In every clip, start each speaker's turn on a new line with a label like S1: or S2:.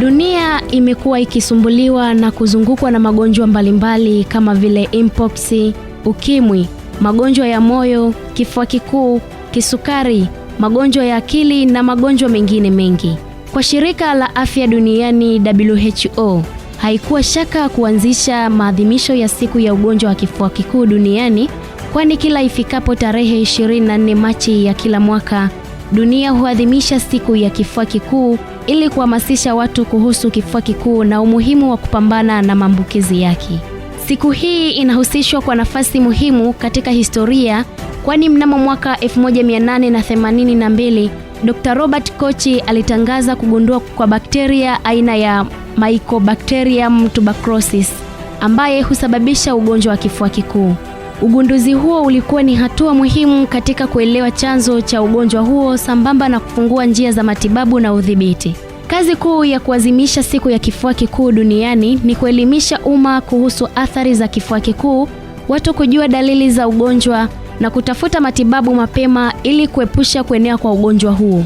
S1: Dunia imekuwa ikisumbuliwa na kuzungukwa na magonjwa mbalimbali kama vile mpox, ukimwi, magonjwa ya moyo, kifua kikuu, kisukari, magonjwa ya akili na magonjwa mengine mengi. Kwa shirika la afya duniani WHO, haikuwa shaka kuanzisha maadhimisho ya siku ya ugonjwa wa kifua kikuu duniani, kwani kila ifikapo tarehe 24 Machi ya kila mwaka Dunia huadhimisha siku ya kifua kikuu ili kuhamasisha watu kuhusu kifua kikuu na umuhimu wa kupambana na maambukizi yake. Siku hii inahusishwa kwa nafasi muhimu katika historia, kwani mnamo mwaka 1882 Dr. Robert Koch alitangaza kugundua kwa bakteria aina ya Mycobacterium tuberculosis ambaye husababisha ugonjwa wa kifua kikuu. Ugunduzi huo ulikuwa ni hatua muhimu katika kuelewa chanzo cha ugonjwa huo sambamba na kufungua njia za matibabu na udhibiti. Kazi kuu ya kuazimisha siku ya kifua kikuu duniani ni kuelimisha umma kuhusu athari za kifua kikuu, watu kujua dalili za ugonjwa na kutafuta matibabu mapema ili kuepusha kuenea kwa ugonjwa huo.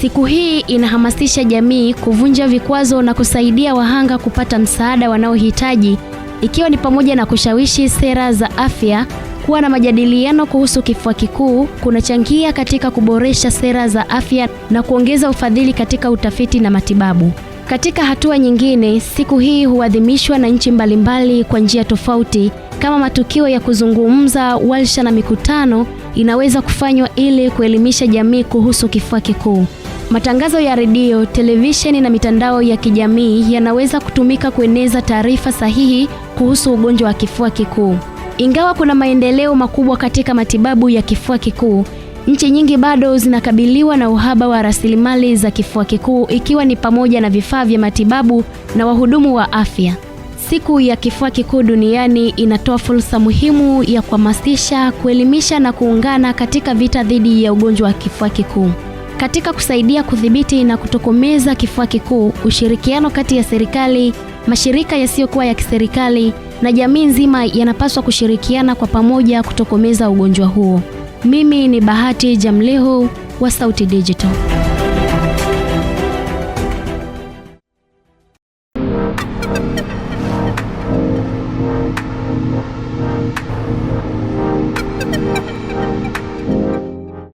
S1: Siku hii inahamasisha jamii kuvunja vikwazo na kusaidia wahanga kupata msaada wanaohitaji ikiwa ni pamoja na kushawishi sera za afya. Kuwa na majadiliano kuhusu kifua kikuu kunachangia katika kuboresha sera za afya na kuongeza ufadhili katika utafiti na matibabu. Katika hatua nyingine, siku hii huadhimishwa na nchi mbalimbali kwa njia tofauti kama matukio ya kuzungumza, warsha na mikutano inaweza kufanywa ili kuelimisha jamii kuhusu kifua kikuu. Matangazo ya redio, televisheni na mitandao ya kijamii yanaweza kutumika kueneza taarifa sahihi kuhusu ugonjwa wa kifua kikuu. Ingawa kuna maendeleo makubwa katika matibabu ya kifua kikuu, nchi nyingi bado zinakabiliwa na uhaba wa rasilimali za kifua kikuu ikiwa ni pamoja na vifaa vya matibabu na wahudumu wa afya. Siku ya Kifua Kikuu Duniani inatoa fursa muhimu ya kuhamasisha, kuelimisha na kuungana katika vita dhidi ya ugonjwa wa kifua kikuu. Katika kusaidia kudhibiti na kutokomeza kifua kikuu, ushirikiano kati ya serikali, mashirika yasiyokuwa ya kiserikali na jamii nzima yanapaswa kushirikiana kwa pamoja kutokomeza ugonjwa huo. Mimi ni Bahati Jamlihu wa Sauti Digital.